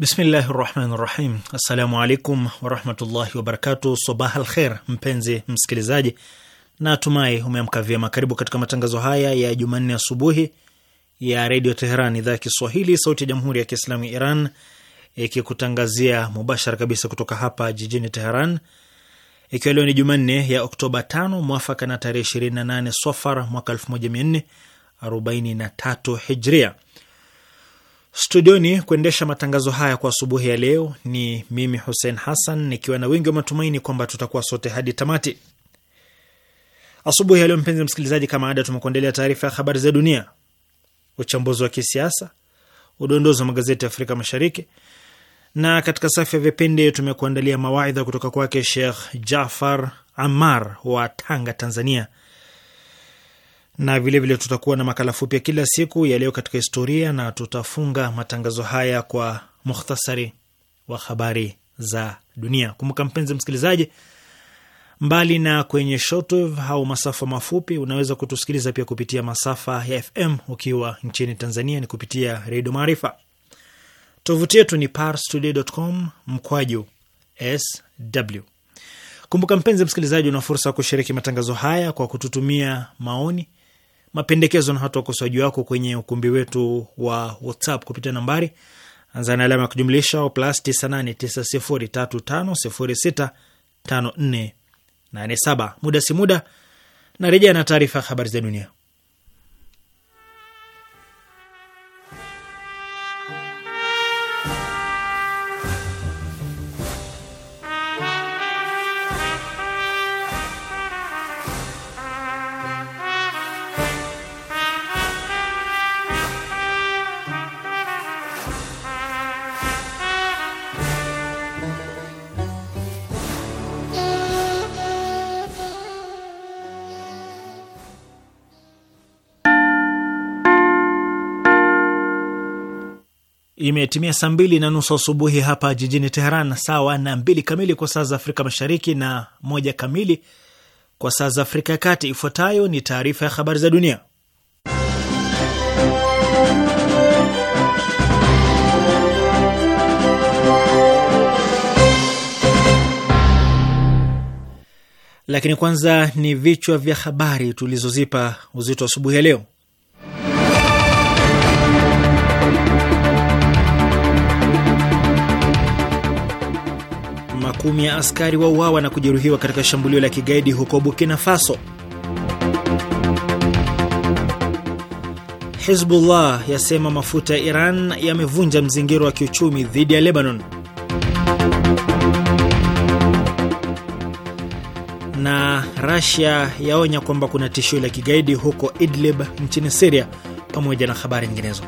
Bismillahi rahmani rahim. Assalamu alaikum warahmatullahi wabarakatu. Sabah al kher, mpenzi msikilizaji, na tumai umeamka vyema. Karibu katika matangazo haya ya Jumanne asubuhi ya redio Teheran, idhaa ya Kiswahili, sauti ya jamhuri ya kiislamu ya Iran, ikikutangazia mubashara kabisa kutoka hapa jijini Teheran, ikiwa leo ni Jumanne ya Oktoba 5 mwafaka na tarehe 28 Sofar mwaka 1443 Hijria. Studioni kuendesha matangazo haya kwa asubuhi ya leo ni mimi Hussein Hassan, nikiwa na wengi wa matumaini kwamba tutakuwa sote hadi tamati asubuhi ya leo. Mpenzi msikilizaji, kama ada, tumekuandalia taarifa ya habari za dunia, uchambuzi wa kisiasa, udondozi wa magazeti ya Afrika Mashariki, na katika safu ya vipindi tumekuandalia mawaidha kutoka kwake Sheikh Jafar Amar wa Tanga, Tanzania, na vilevile vile tutakuwa na makala fupi ya kila siku yaliyo katika historia, na tutafunga matangazo haya kwa mukhtasari wa habari za dunia. Kumbuka mpenzi msikilizaji, mbali na kwenye shortwave au masafa mafupi, unaweza kutusikiliza pia kupitia masafa ya FM ukiwa nchini Tanzania ni kupitia Redio Maarifa. Tovuti yetu ni parstoday.com mkwaju sw. Kumbuka mpenzi msikilizaji, una fursa ya kushiriki matangazo haya kwa kututumia maoni mapendekezo na hata ukosoaji wako kwenye ukumbi wetu wa WhatsApp kupitia nambari anza na alama ya kujumlisha plus 989035065487. Muda si muda na rejea na taarifa ya habari za dunia. Imetimia saa mbili na nusu asubuhi hapa jijini Teheran, sawa na mbili kamili kwa saa za Afrika Mashariki na moja kamili kwa saa za Afrika ya Kati. Ifuatayo ni taarifa ya habari za dunia, lakini kwanza ni vichwa vya habari tulizozipa uzito asubuhi ya leo. makumi ya askari wauawa na kujeruhiwa katika shambulio la kigaidi huko Burkina Faso. Hizbullah yasema mafuta ya Iran yamevunja mzingiro wa kiuchumi dhidi ya Lebanon. Na Russia yaonya kwamba kuna tishio la kigaidi huko Idlib nchini Syria pamoja na habari nyinginezo.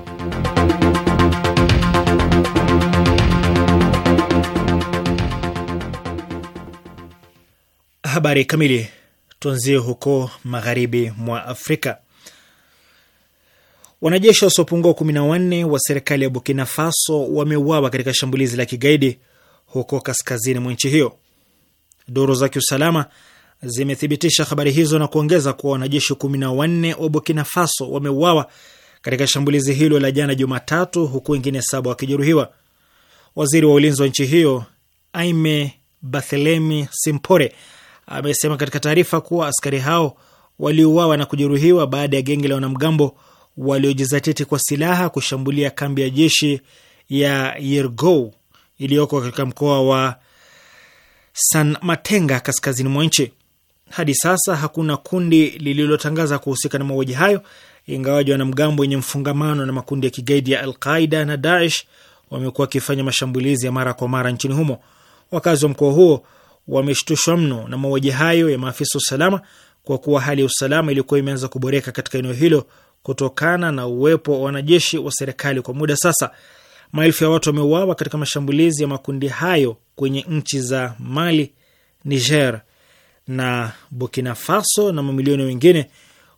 Habari kamili tuanzie huko magharibi mwa Afrika. Wanajeshi wasiopungua kumi na wanne wa serikali ya Burkina Faso wameuawa katika shambulizi la kigaidi huko kaskazini mwa nchi hiyo. Duru za kiusalama zimethibitisha habari hizo na kuongeza kuwa wanajeshi kumi na wanne wa Burkina Faso wameuawa katika shambulizi hilo la jana Jumatatu, huku wengine saba wakijeruhiwa. Waziri wa ulinzi wa nchi hiyo Aime Bathelemi Simpore amesema katika taarifa kuwa askari hao waliuawa na kujeruhiwa baada ya genge la wanamgambo waliojizatiti kwa silaha kushambulia kambi ya jeshi ya Yergou iliyoko katika mkoa wa San Matenga kaskazini mwa nchi. Hadi sasa hakuna kundi lililotangaza kuhusika na mauaji hayo, ingawaji wanamgambo wenye mfungamano na makundi ya kigaidi ya Alqaida na Daesh wamekuwa wakifanya mashambulizi ya mara kwa mara nchini humo. Wakazi wa mkoa huo wameshtushwa mno na mauaji hayo ya maafisa usalama, kwa kuwa hali ya usalama ilikuwa imeanza kuboreka katika eneo hilo kutokana na uwepo wa wanajeshi wa serikali kwa muda sasa. Maelfu ya watu wameuawa katika mashambulizi ya makundi hayo kwenye nchi za Mali, Niger na Burkina Faso, na mamilioni wengine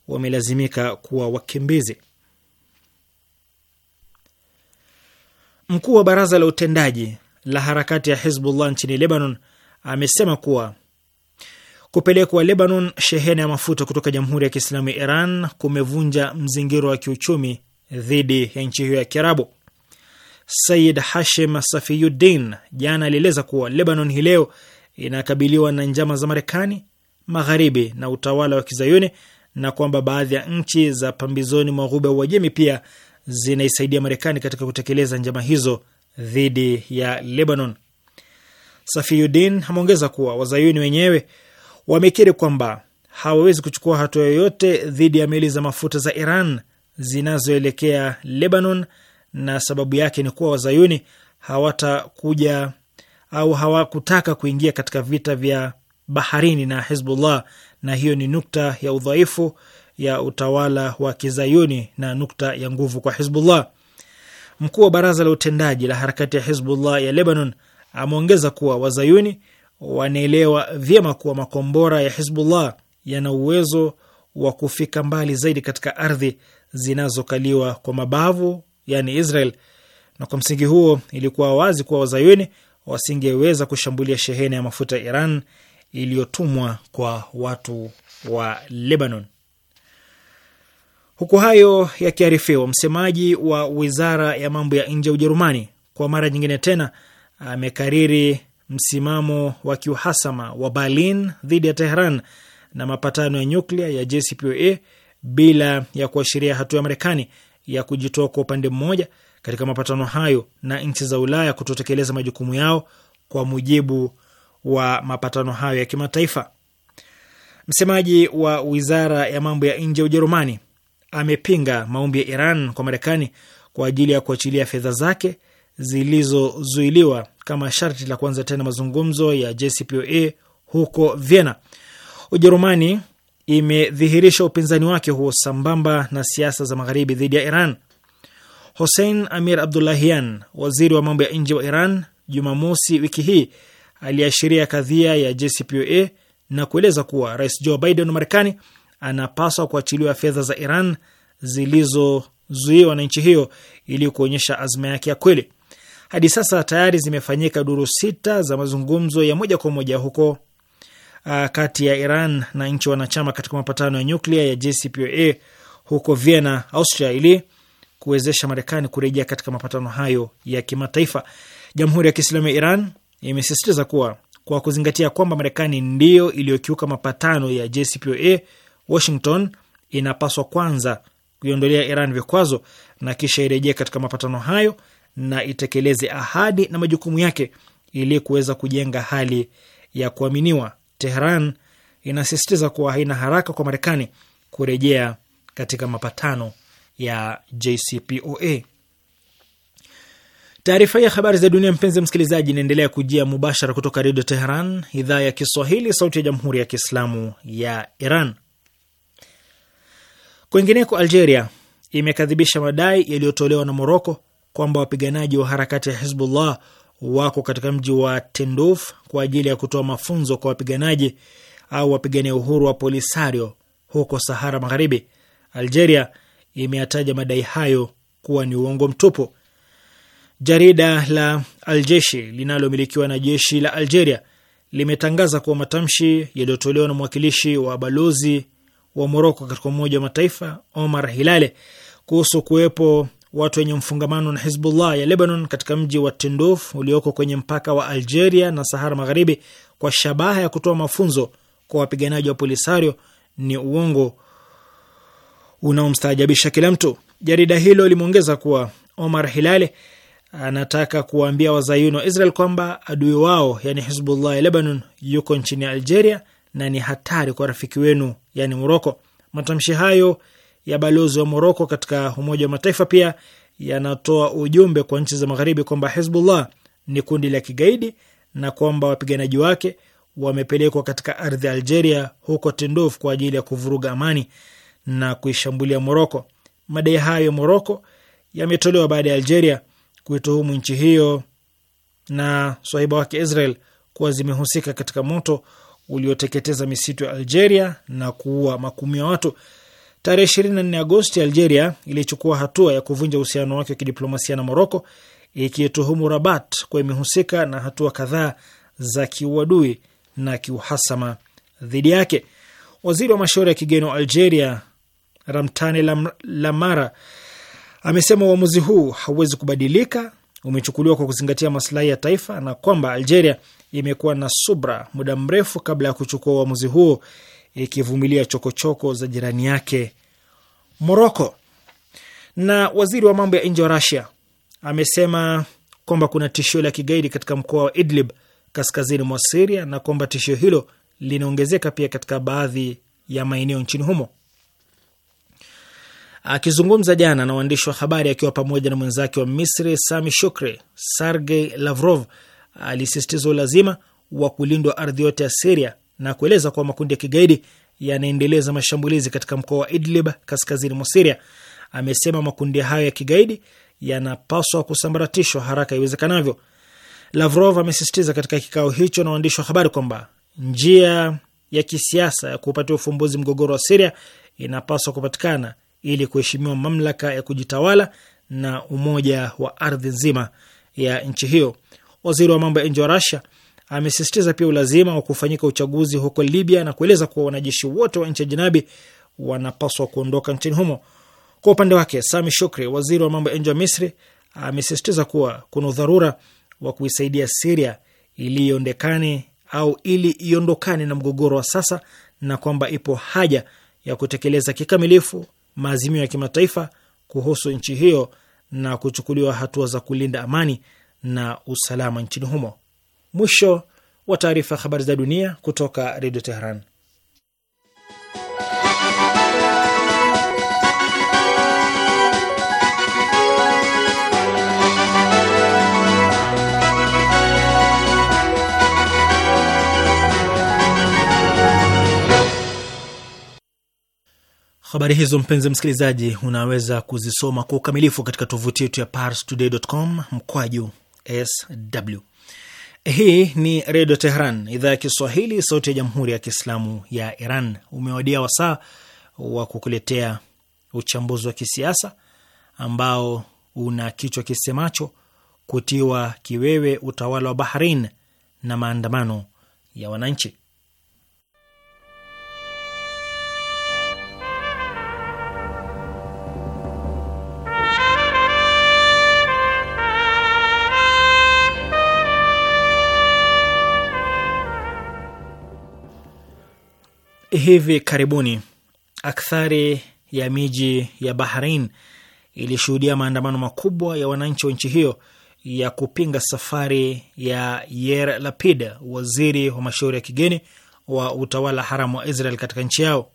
wamelazimika kuwa wakimbizi. Mkuu wa baraza la utendaji la harakati ya Hizbullah nchini Lebanon amesema kuwa kupelekwa Lebanon shehena ya mafuta kutoka Jamhuri ya Kiislamu ya Iran kumevunja mzingiro wa kiuchumi dhidi ya nchi hiyo ya Kiarabu. Sayid Hashim Safiyuddin jana alieleza kuwa Lebanon hii leo inakabiliwa na njama za Marekani, Magharibi na utawala wa Kizayuni, na kwamba baadhi ya nchi za pambizoni mwa Ghuba ya Uajemi pia zinaisaidia Marekani katika kutekeleza njama hizo dhidi ya Lebanon safiudin ameongeza kuwa wazayuni wenyewe wamekiri kwamba hawawezi kuchukua hatua yoyote dhidi ya meli za mafuta za Iran zinazoelekea Lebanon, na sababu yake ni kuwa wazayuni hawatakuja au hawakutaka kuingia katika vita vya baharini na Hezbollah, na hiyo ni nukta ya udhaifu ya utawala wa kizayuni na nukta ya nguvu kwa Hezbollah. Mkuu wa baraza la utendaji la harakati ya Hezbollah ya Lebanon Ameongeza kuwa wazayuni wanaelewa vyema kuwa makombora ya Hizbullah yana uwezo wa kufika mbali zaidi katika ardhi zinazokaliwa kwa mabavu, yani Israel, na kwa msingi huo ilikuwa wazi kuwa wazayuni wasingeweza kushambulia shehena ya mafuta ya Iran iliyotumwa kwa watu wa Lebanon. Huku hayo yakiarifiwa, msemaji wa wizara ya mambo ya nje ya Ujerumani kwa mara nyingine tena amekariri msimamo wa kiuhasama wa Berlin dhidi ya Tehran na mapatano ya nyuklia ya JCPOA bila ya kuashiria hatua ya Marekani ya kujitoa kwa upande mmoja katika mapatano hayo na nchi za Ulaya kutotekeleza majukumu yao kwa mujibu wa mapatano hayo ya kimataifa. Msemaji wa wizara ya mambo ya nje ya Ujerumani amepinga maombi ya Iran kwa Marekani kwa ajili ya kuachilia fedha zake zilizozuiliwa kama sharti la kuanza tena mazungumzo ya JCPOA huko Vienna. Ujerumani imedhihirisha upinzani wake huo sambamba na siasa za magharibi dhidi ya Iran. Hossein Amir Abdullahian, waziri wa mambo ya nje wa Iran, Jumamosi wiki hii aliashiria kadhia ya JCPOA na kueleza kuwa Rais Joe Biden wa Marekani anapaswa kuachiliwa fedha za Iran zilizozuiwa na nchi hiyo ili kuonyesha azma yake ya kweli. Hadi sasa tayari zimefanyika duru sita za mazungumzo ya moja kwa moja huko uh, kati ya Iran na nchi wanachama katika mapatano ya nyuklia ya JCPOA huko Vienna, Austria, ili kuwezesha Marekani kurejea katika mapatano hayo ya kimataifa. Jamhuri ya Kiislamu ya Iran imesisitiza kuwa kwa kuzingatia kwamba Marekani ndiyo iliyokiuka mapatano ya JCPOA, Washington inapaswa kwanza kuiondolea Iran vikwazo na kisha irejee katika mapatano hayo na itekeleze ahadi na majukumu yake ili kuweza kujenga hali ya kuaminiwa. Tehran inasisitiza kuwa haina haraka kwa Marekani kurejea katika mapatano ya JCPOA. Taarifa hii ya habari za dunia, mpenzi msikilizaji, inaendelea kujia mubashara kutoka Redio Teheran, idhaa ya Kiswahili, sauti ya jamhuri ya kiislamu ya Iran. kwengineko Algeria imekadhibisha madai yaliyotolewa na Moroko kwamba wapiganaji wa harakati ya Hizbullah wako katika mji wa Tinduf kwa ajili ya kutoa mafunzo kwa wapiganaji au wapigania uhuru wa Polisario huko Sahara Magharibi. Algeria imeyataja madai hayo kuwa ni uongo mtupu. Jarida la Aljeshi linalomilikiwa na jeshi la Algeria limetangaza kuwa matamshi yaliyotolewa na mwakilishi wa balozi wa Moroko katika Umoja wa Mataifa Omar Hilale kuhusu kuwepo watu wenye mfungamano na Hizbullah ya Lebanon katika mji wa Tinduf ulioko kwenye mpaka wa Algeria na Sahara Magharibi kwa shabaha ya kutoa mafunzo kwa wapiganaji wa Polisario ni uongo unaomstaajabisha kila mtu. Jarida hilo limeongeza kuwa Omar Hilale anataka kuwaambia wazayuni wa Israel kwamba adui wao yani Hizbullah ya Lebanon yuko nchini Algeria na ni hatari kwa rafiki wenu yani Moroko. Matamshi hayo ya balozi wa Moroko katika Umoja wa Mataifa pia yanatoa ujumbe kwa nchi za Magharibi kwamba Hizbullah ni kundi la kigaidi na kwamba wapiganaji wake wamepelekwa katika ardhi ya Algeria huko Tindouf kwa ajili ya kuvuruga amani na kuishambulia Moroko. Madai hayo Moroko yametolewa baada ya Algeria kuituhumu nchi hiyo na swahiba wake Israel kuwa zimehusika katika moto ulioteketeza misitu ya Algeria na kuua makumi ya watu. Tarehe 24 Agosti, Algeria ilichukua hatua ya kuvunja uhusiano wake wa kidiplomasia na Moroko, ikituhumu Rabat kuwa imehusika na hatua kadhaa za kiuadui na kiuhasama dhidi yake. Waziri wa mashauri ya kigeni wa Algeria Ramtane Lam, Lamara amesema uamuzi huu hauwezi kubadilika, umechukuliwa kwa kuzingatia maslahi ya taifa na kwamba Algeria imekuwa na subra muda mrefu kabla ya kuchukua uamuzi huo ikivumilia chokochoko za jirani yake Moroko. Na waziri wa mambo ya nje wa Rasia amesema kwamba kuna tishio la kigaidi katika mkoa wa Idlib kaskazini mwa Siria na kwamba tishio hilo linaongezeka pia katika baadhi ya maeneo nchini humo. Akizungumza jana na waandishi wa habari akiwa pamoja na mwenzake wa Misri Sami Shukri, Sergey Lavrov alisisitiza ulazima wa kulindwa ardhi yote ya Siria na kueleza kuwa makundi ya kigaidi yanaendeleza mashambulizi katika mkoa wa Idlib kaskazini mwa Siria. Amesema makundi hayo ya kigaidi yanapaswa kusambaratishwa haraka iwezekanavyo. Lavrov amesisitiza katika kikao hicho na waandishi wa habari kwamba njia ya kisiasa ya kupatia ufumbuzi mgogoro wa Siria inapaswa kupatikana ili kuheshimiwa mamlaka ya kujitawala na umoja wa ardhi nzima ya nchi hiyo. Waziri wa mambo ya nje wa Russia amesisitiza pia ulazima wa kufanyika uchaguzi huko Libya na kueleza kuwa wanajeshi wote wa nchi ya jinabi wanapaswa kuondoka nchini humo. Kwa upande wake, Sami Shukri, waziri wa mambo ya nje wa Misri, amesisitiza kuwa kuna udharura wa kuisaidia Siria iliondekane au ili iondokane na mgogoro wa sasa na kwamba ipo haja ya kutekeleza kikamilifu maazimio ya kimataifa kuhusu nchi hiyo na kuchukuliwa hatua za kulinda amani na usalama nchini humo. Mwisho wa taarifa ya habari za dunia kutoka Redio Teheran. Habari hizo mpenzi msikilizaji, unaweza kuzisoma kwa ukamilifu katika tovuti yetu ya parstoday.com mkwaju sw. Hii ni Redio Tehran, idhaa ya Kiswahili, sauti ya Jamhuri ya Kiislamu ya Iran. Umewadia wasaa wa kukuletea uchambuzi wa kisiasa ambao una kichwa kisemacho kutiwa kiwewe utawala wa Bahrain na maandamano ya wananchi. hivi karibuni akthari ya miji ya Bahrain ilishuhudia maandamano makubwa ya wananchi wa nchi hiyo ya kupinga safari ya Yair Lapid, waziri wa mashauri ya kigeni wa utawala haramu wa Israel katika nchi yao.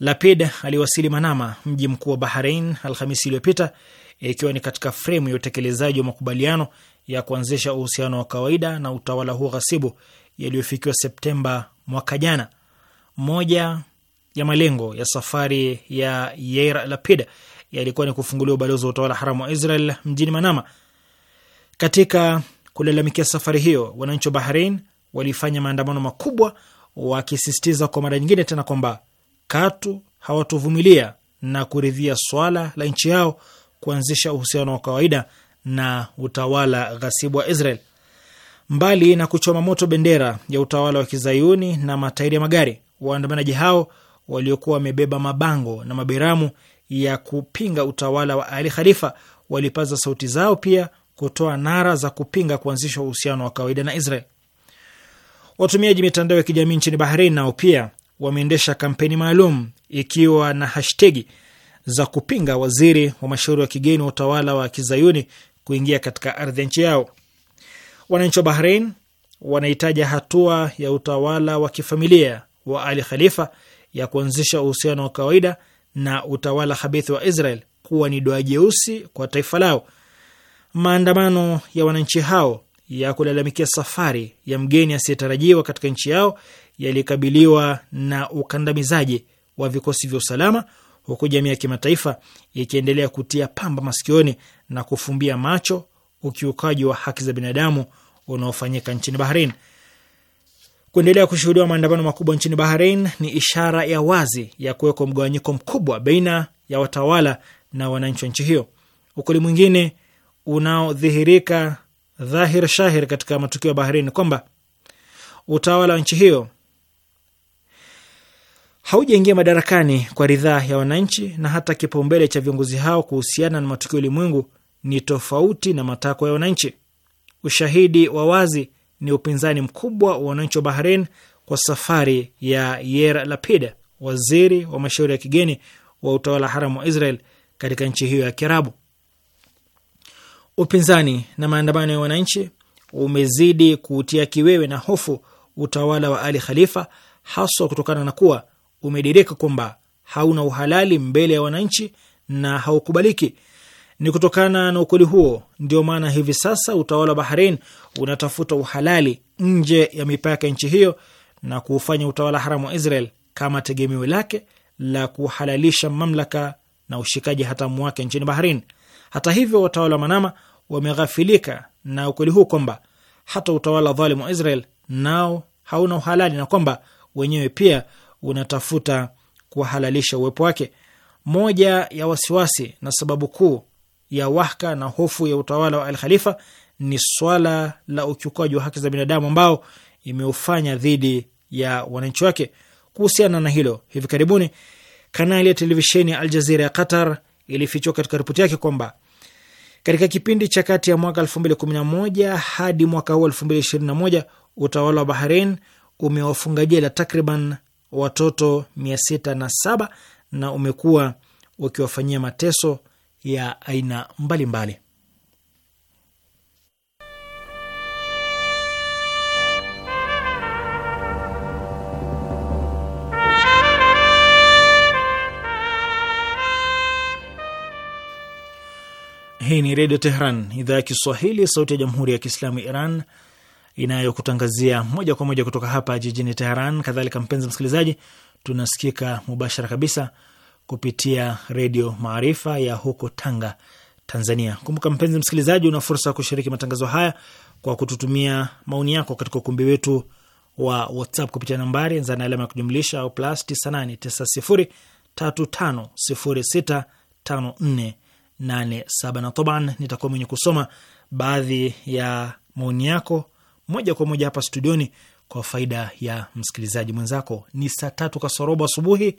Lapid aliwasili Manama, mji mkuu wa Bahrain, Alhamisi iliyopita, ikiwa ni katika fremu ya utekelezaji wa makubaliano ya kuanzisha uhusiano wa kawaida na utawala huo ghasibu yaliyofikiwa Septemba mwaka jana. Moja ya malengo ya safari ya Yair Lapid yalikuwa ni kufunguliwa ubalozi wa utawala haramu wa Israel mjini Manama. Katika kulalamikia safari hiyo, wananchi wa Bahrain walifanya maandamano makubwa, wakisisitiza kwa mara nyingine tena kwamba katu hawatovumilia na kuridhia swala la nchi yao kuanzisha uhusiano wa kawaida na utawala ghasibu wa Israel. Mbali na kuchoma moto bendera ya utawala wa kizayuni na matairi ya magari, waandamanaji hao waliokuwa wamebeba mabango na mabiramu ya kupinga utawala wa Ali Khalifa walipaza sauti zao pia kutoa nara za kupinga kuanzishwa uhusiano wa kawaida na Israel. Watumiaji mitandao ya kijamii nchini Bahrain nao pia wameendesha kampeni maalum ikiwa na hashtegi za kupinga waziri wa mashauri wa kigeni wa utawala wa kizayuni kuingia katika ardhi ya nchi yao. Wananchi wa Bahrain wanahitaja hatua ya utawala wa kifamilia wa Ali Khalifa ya kuanzisha uhusiano wa kawaida na utawala habithi wa Israel kuwa ni doa jeusi kwa taifa lao. Maandamano ya wananchi hao ya kulalamikia safari ya mgeni asiyetarajiwa katika nchi yao yalikabiliwa na ukandamizaji wa vikosi vya usalama, huku jamii ya kimataifa ikiendelea kutia pamba masikioni na kufumbia macho ukiukaji wa haki za binadamu unaofanyika nchini Bahrain. Kuendelea kushuhudiwa maandamano makubwa nchini Bahrain ni ishara ya wazi ya kuwekwa mgawanyiko mkubwa baina ya watawala na wananchi wa nchi hiyo. Ukweli mwingine unaodhihirika dhahir shahir katika matukio ya Bahrain kwamba utawala wa nchi hiyo haujaingia madarakani kwa ridhaa ya wananchi, na hata kipaumbele cha viongozi hao kuhusiana na matukio ulimwengu ni tofauti na matakwa ya wananchi. Ushahidi wa wazi ni upinzani mkubwa wa wananchi wa Bahrain kwa safari ya Yair Lapid, waziri wa mashauri ya kigeni wa utawala haramu wa Israel katika nchi hiyo ya Kiarabu. Upinzani na maandamano ya wananchi umezidi kuutia kiwewe na hofu utawala wa Ali Khalifa, haswa kutokana na kuwa umedirika kwamba hauna uhalali mbele ya wananchi na haukubaliki, ni kutokana na ukweli huo ndio maana hivi sasa utawala wa Bahrain unatafuta uhalali nje ya mipaka ya nchi hiyo na kuufanya utawala haramu wa Israel kama tegemeo lake la kuhalalisha mamlaka na ushikaji hatamu wake nchini Bahrain. Hata hivyo, watawala wa Manama wameghafilika na ukweli huu kwamba hata utawala dhalimu wa Israel nao hauna uhalali na kwamba wenyewe pia unatafuta kuhalalisha uwepo wake. Moja ya wasiwasi na sababu kuu ya wahka na hofu ya utawala wa Al Khalifa ni swala la ukiukaji wa haki za binadamu ambao imeufanya dhidi ya wananchi wake. Kuhusiana na hilo, hivi karibuni kanali ya televisheni ya Aljazira ya Qatar ilifichua katika ripoti yake kwamba katika kipindi cha kati ya mwaka 2011 hadi mwaka huu 2021 utawala wa Bahrain umewafunga jela takriban watoto 607 na umekuwa ukiwafanyia mateso ya aina mbalimbali mbali. Hii ni Redio Tehran, idhaa ya Kiswahili, sauti ya Jamhuri ya Kiislamu Iran inayokutangazia moja kwa moja kutoka hapa jijini Teheran. Kadhalika mpenzi msikilizaji, tunasikika mubashara kabisa kupitia Redio Maarifa ya huko Tanga, Tanzania. Kumbuka mpenzi msikilizaji, una fursa ya kushiriki matangazo haya kwa kututumia maoni yako katika ukumbi wetu wa WhatsApp kupitia nambari zana alama ya kujumlisha au plus 989035065487 na toban, nitakuwa mwenye kusoma baadhi ya maoni yako moja kwa moja hapa studioni kwa faida ya msikilizaji mwenzako. Ni saa tatu kasorobo asubuhi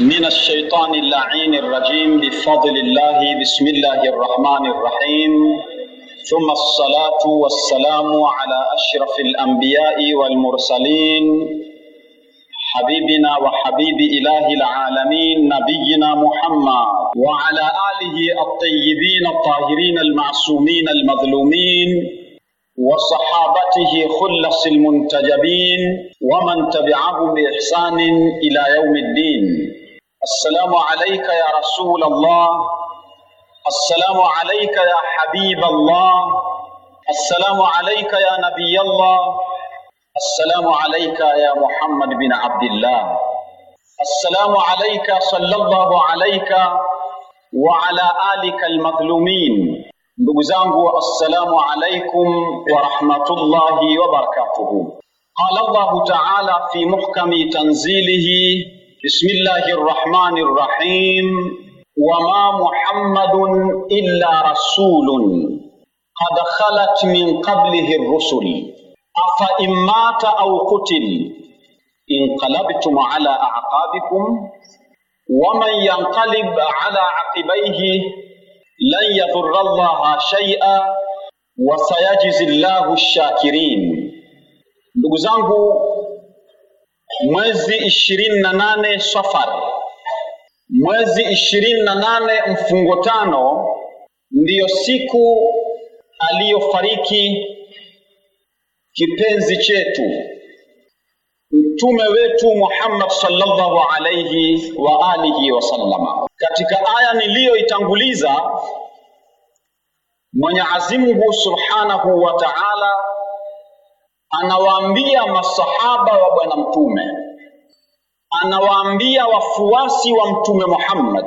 من الشيطان اللعين الرجيم بفضل الله بسم الله الرحمن الرحيم ثم الصلاة والسلام على أشرف الأنبياء والمرسلين حبيبنا وحبيب إله العالمين نبينا محمد وعلى آله الطيبين الطاهرين المعصومين المظلومين وصحابته خلص المنتجبين ومن تبعهم بإحسان إلى يوم الدين السلام عليك يا رسول الله السلام عليك يا حبيب الله السلام عليك يا نبي الله السلام عليك يا محمد بن عبد الله السلام عليك صلى الله عليك وعلى آلك المظلومين ndugu السلام عليكم ورحمة الله وبركاته قال الله تعالى في محكم تنزيله بسم الله الرحمن الرحيم وما محمد إلا رسول قد خلت من قبله الرسل أفإن مات أو قتل انقلبتم على أعقابكم ومن ينقلب على عقبيه لن يضر الله شيئا وسيجزي الله الشاكرين ndugu zangu mwezi ishirini na nane Safar, mwezi ishirini na nane mfungo tano ndiyo siku aliyofariki kipenzi chetu mtume wetu Muhammad sallallahu alayhi wa alihi wasallama. Katika aya niliyoitanguliza Mwenyezi Mungu subhanahu wa ta'ala anawaambia masahaba wa bwana mtume, anawaambia wafuasi wa mtume Muhammad,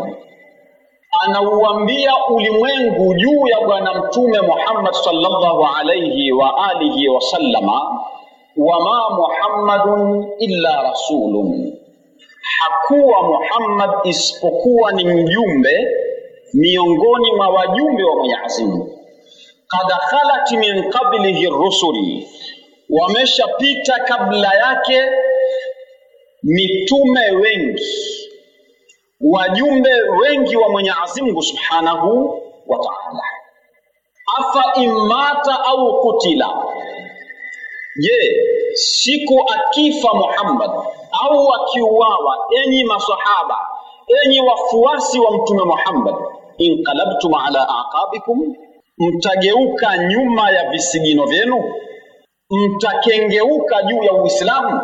anauambia ulimwengu juu ya bwana mtume Muhammad sallallahu alayhi wa alihi wasallama, wama Muhammadun illa rasulun, hakuwa Muhammad isipokuwa ni mjumbe miongoni mwa wajumbe wa Mwenyezi Mungu. Qad khalat min qablihi rusuli wameshapita kabla yake mitume wengi, wajumbe wengi wa Mwenyezi Mungu Subhanahu wa Ta'ala. Afa imata au kutila, je, siku akifa Muhammad au akiuawa, enyi masahaba, enyi wafuasi wa mtume Muhammad, inqalabtum ala aqabikum, mtageuka nyuma ya visigino vyenu mtakengeuka juu ya Uislamu,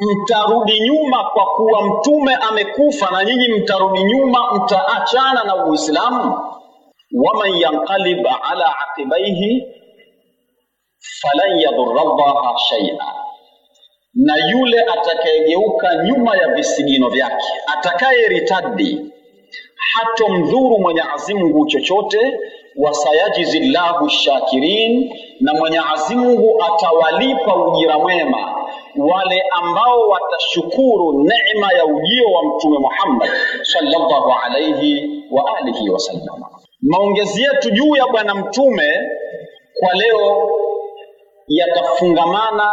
mtarudi nyuma kwa kuwa mtume amekufa, na nyinyi mtarudi nyuma, mtaachana na Uislamu. waman yanqalib ala aqibaihi falan yadhurra llaha shay'a, na yule atakayegeuka nyuma ya visigino vyake, ritadi hatomdhuru Mwenyezi Mungu chochote. wasayajizillahu shakirin na Mwenyezi Mungu atawalipa ujira mwema wale ambao watashukuru neema ya ujio wa Mtume Muhammad sallallahu alayhi wa alihi wasallam. Maongezi yetu juu ya Bwana Mtume kwa leo yatafungamana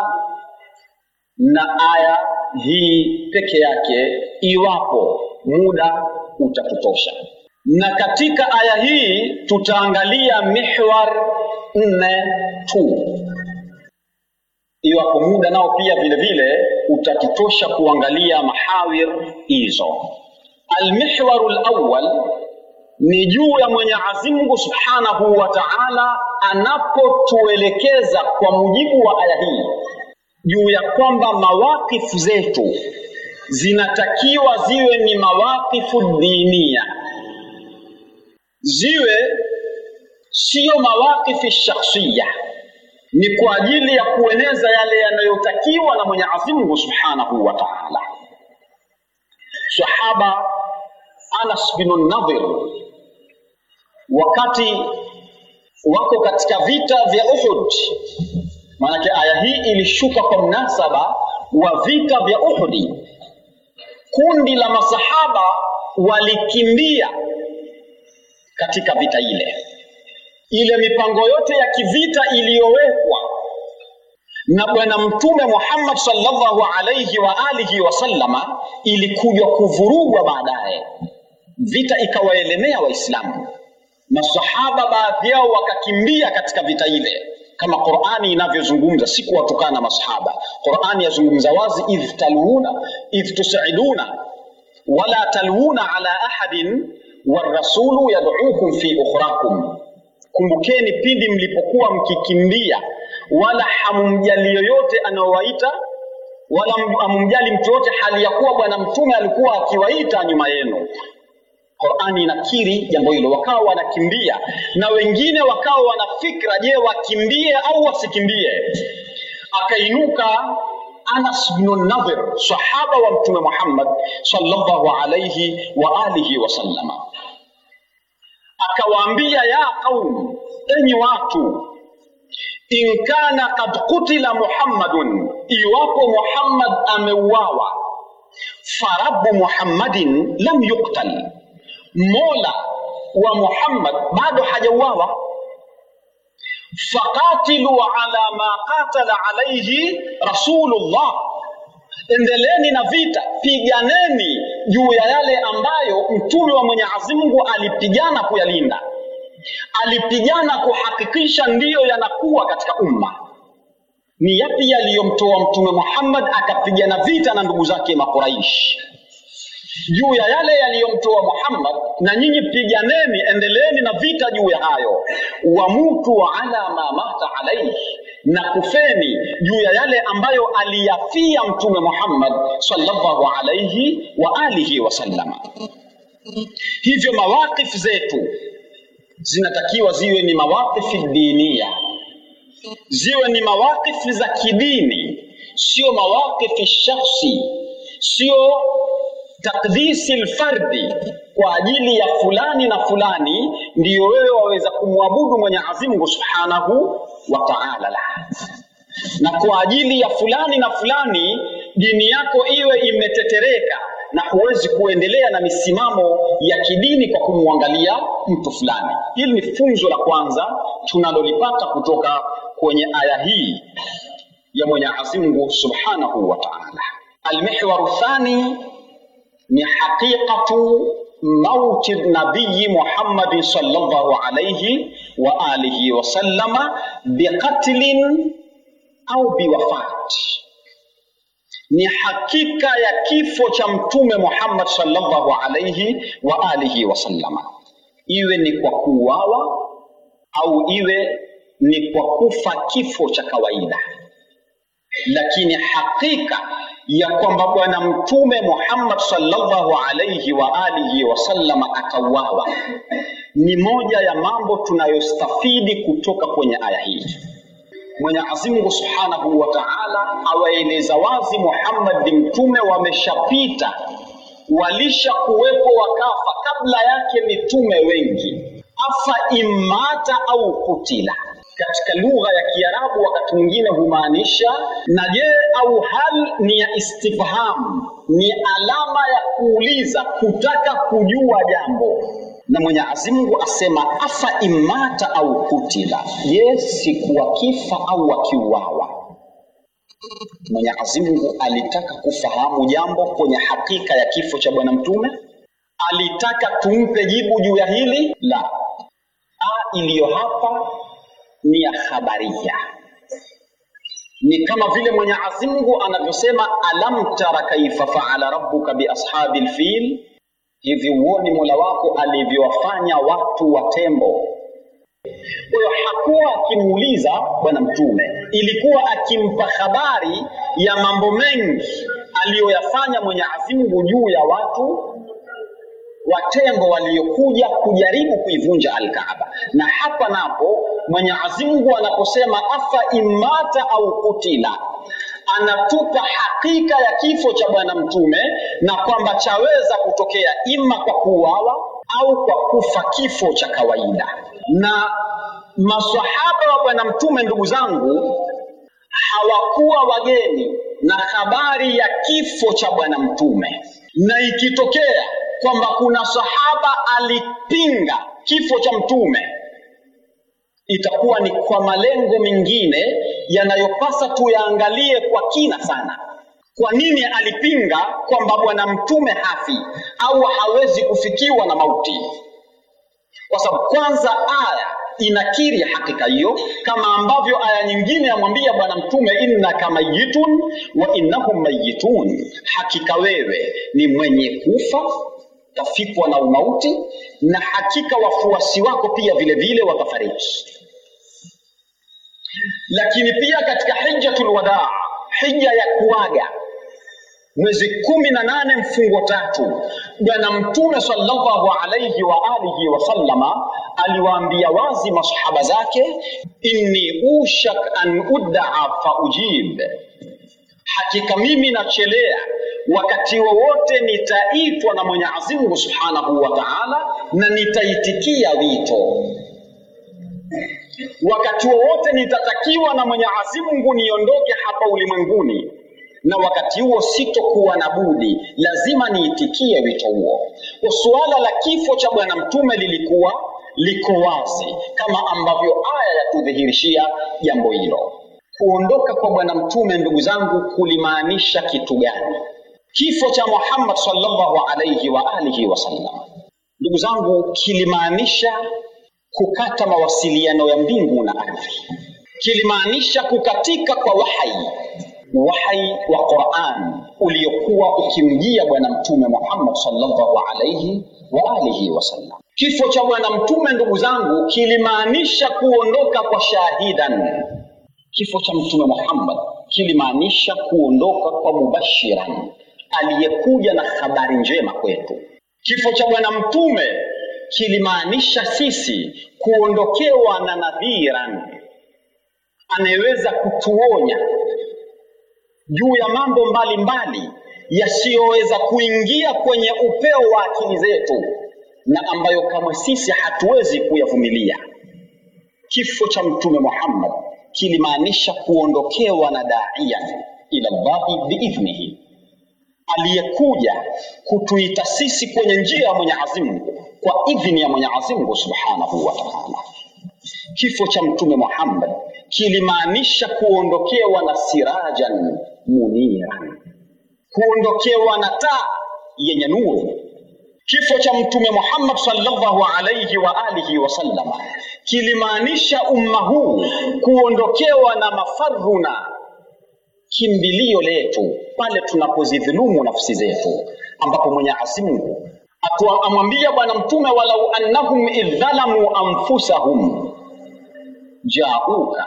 na aya hii peke yake, iwapo muda utakutosha na katika aya hii tutaangalia mihwar nne tu, iwapo muda nao pia vile vile utatutosha kuangalia mahawir hizo. Almihwaru lawal ni juu ya Mwenyezi Mungu subhanahu wa taala anapotuelekeza kwa mujibu wa aya hii juu ya kwamba mawakifu zetu zinatakiwa ziwe ni mawakifu dinia ziwe siyo mawaqifi shakhsiya, ni kwa ajili ya kueneza yale yanayotakiwa na Mwenyezi Mungu Subhanahu wa Ta'ala. Sahaba Anas bin Nadhir wakati wako katika vita vya Uhud, maanake aya hii ilishuka kwa mnasaba wa vita vya Uhudi. Kundi la masahaba walikimbia katika vita ile. Ile mipango yote ya kivita iliyowekwa na Bwana Mtume Muhammad sallallahu alayhi wa alihi wasallama ilikuja kuvurugwa baadaye. Vita ikawaelemea Waislamu, masahaba baadhi yao wakakimbia katika vita ile kama Qur'ani inavyozungumza, si kuwatukana masahaba. Qur'ani yazungumza wazi, idh taluna idh tusiduna wala taluna ala ahadin warasulu yad'ukum fi ukhrakum, kumbukeni pindi mlipokuwa mkikimbia, wala hamumjali yoyote anaowaita wala hamumjali mtu yote, hali ya kuwa Bwana Mtume alikuwa akiwaita nyuma yenu. Qur'ani inakiri jambo hilo, wakawa wanakimbia na wengine wakawa wana fikra, je, wakimbie au wasikimbie? Akainuka Anas bin Nadhir, sahaba wa Mtume Muhammad sallallahu alayhi wa alihi wasallama akawaambia, ya qaum, enyi watu, in kana kad kutila Muhammadun, iwapo Muhammad ameuawa, farabu Muhammadin lam yuktal, mola wa Muhammad bado hajauawa. Faqatilu ala ma qatala alayhi rasulullah, endeleni na vita, piganeni juu ya yale ambayo mtume wa Mwenyezi Mungu alipigana kuyalinda, alipigana kuhakikisha ndiyo yanakuwa katika umma. Ni yapi yaliyomtoa Mtume Muhammad akapigana vita na ndugu zake Makuraishi? Juu ya yale yaliyomtoa Muhammad, na nyinyi piganeni, endeleeni na vita juu ya hayo. Wamutu ala ma mata alaihi na kufeni juu ya yale ambayo aliyafia Mtume Muhammad sallallahu alayhi wa alihi wasallama. Hivyo mawaqifu zetu zinatakiwa ziwe ni mawaqifu dinia, ziwe ni mawaqifu za kidini, sio mawaqifu shakhsi, sio takdisi lfardi kwa ajili ya fulani na fulani, ndiyo wewe waweza kumwabudu Mwenyezi Mungu subhanahu wa taala la na kwa ajili ya fulani na fulani dini yako iwe imetetereka na huwezi kuendelea na misimamo ya kidini kwa kumwangalia mtu fulani. Hili ni funzo la kwanza tunalolipata kutoka kwenye aya hii ya Mwenyezi Mungu Subhanahu wa Ta'ala. Almihwaru thani ni haqiqatu mauti nabii Muhammadin sallallahu alayhi wa alihi wasallama biqatlin au biwafati. Ni hakika ya kifo cha Mtume Muhammad sallallahu alayhi wa alihi wasallama, iwe ni kwa kuuawa au iwe ni kwa kufa kifo cha kawaida, lakini hakika ya kwamba Bwana Mtume Muhammad sallallahu alayhi wa alihi wasallama akauawa ni moja ya mambo tunayostafidi kutoka kwenye aya hii. Mwenyezi Mungu Subhanahu wa Ta'ala awaeleza wazi Muhammad mtume wameshapita, walisha kuwepo wakafa kabla yake mitume wengi, afa imata au kutila katika lugha ya Kiarabu wakati mwingine humaanisha na je au hal ni ya istifhamu, ni alama ya kuuliza, kutaka kujua jambo na mwenye Mungu asema afa imata au kutila, je, si kuwa kifa au wakiuawa? mwenye Mungu alitaka kufahamu jambo kwenye hakika ya kifo cha Bwana Mtume? Alitaka tumpe jibu juu ya hili? La, a iliyo hapa ni ya habaria ni kama vile mwenye Mungu anavyosema alam tara kaifa faala rabbuka biashabi fil hivi uoni mola wako alivyowafanya watu wa tembo kwa hiyo hakuwa akimuuliza bwana mtume ilikuwa akimpa habari ya mambo mengi aliyoyafanya mwenyezi mungu juu ya watu watembo waliokuja kujaribu kuivunja Alkaaba. Na hapa napo Mwenyezi Mungu anaposema afa imata au kutila, anatupa hakika ya kifo cha Bwana Mtume na kwamba chaweza kutokea ima kwa kuuawa au kwa kufa kifo cha kawaida. Na maswahaba wa Bwana Mtume, ndugu zangu, hawakuwa wageni na habari ya kifo cha Bwana Mtume, na ikitokea kwamba kuna sahaba alipinga kifo cha Mtume itakuwa ni kwa malengo mengine yanayopasa tuyaangalie kwa kina sana. Kwa nini alipinga kwamba Bwana Mtume hafi au hawezi kufikiwa na mauti? Kwa sababu kwanza aya inakiri hakika hiyo, kama ambavyo aya nyingine yamwambia Bwana Mtume, innaka mayitun wa innahum mayitun, hakika wewe ni mwenye kufa tafikwa na umauti, na hakika wafuasi wako pia vilevile watafariki. Lakini pia katika hijjatul wadaa, hija ya kuaga, mwezi kumi na nane mfungo tatu, Bwana Mtume sallallahu alayhi wa alihi sallama aliwaambia wazi masahaba zake, inni ushak an uddaa ujib hakika mimi nachelea wakati wowote nitaitwa na Mwenyezi Mungu subhanahu wa taala, na nitaitikia wito wakati wowote nitatakiwa na Mwenyezi Mungu niondoke hapa ulimwenguni, na wakati huo sitokuwa na budi, lazima niitikie wito huo. Kwa suala la kifo cha Bwana Mtume lilikuwa liko wazi, kama ambavyo aya yatudhihirishia jambo hilo. Kuondoka kwa Bwana Mtume, ndugu zangu, kulimaanisha kitu gani? Kifo cha Muhammad sallallahu alayhi wa alihi wasallam, ndugu zangu, kilimaanisha kukata mawasiliano ya mbingu na ardhi kilimaanisha kukatika kwa wahai wahai wa Qur'an uliokuwa ukimjia Bwana Mtume Muhammad sallallahu alayhi wa alihi wasallam. Kifo cha Bwana Mtume, ndugu zangu, kilimaanisha kuondoka kwa shahidan. Kifo cha Mtume Muhammad kilimaanisha kuondoka kwa mubashiran, aliyekuja na habari njema kwetu. Kifo cha Bwana Mtume kilimaanisha sisi kuondokewa na nadhiran anayeweza kutuonya juu ya mambo mbalimbali yasiyoweza kuingia kwenye upeo wa akili zetu na ambayo kama sisi hatuwezi kuyavumilia. Kifo cha Mtume Muhammad kilimaanisha kuondokewa na daia ila Allahi biidhnihi, aliyekuja kutuita sisi kwenye njia ya Mwenyezi Mungu kwa idhini ya Mwenyezi Mungu Subhanahu wa Ta'ala. Kifo cha Mtume Muhammad kilimaanisha kuondokewa na sirajan muniran, kuondokewa na taa yenye nuru. Kifo cha Mtume Muhammad sallallahu alayhi wa alihi sallama kilimaanisha umma huu kuondokewa na mafaruna, kimbilio letu pale tunapozidhulumu nafsi zetu, ambapo Mwenyezi Mungu amwambia Bwana Mtume, walau annahum idhalamu anfusahum jauka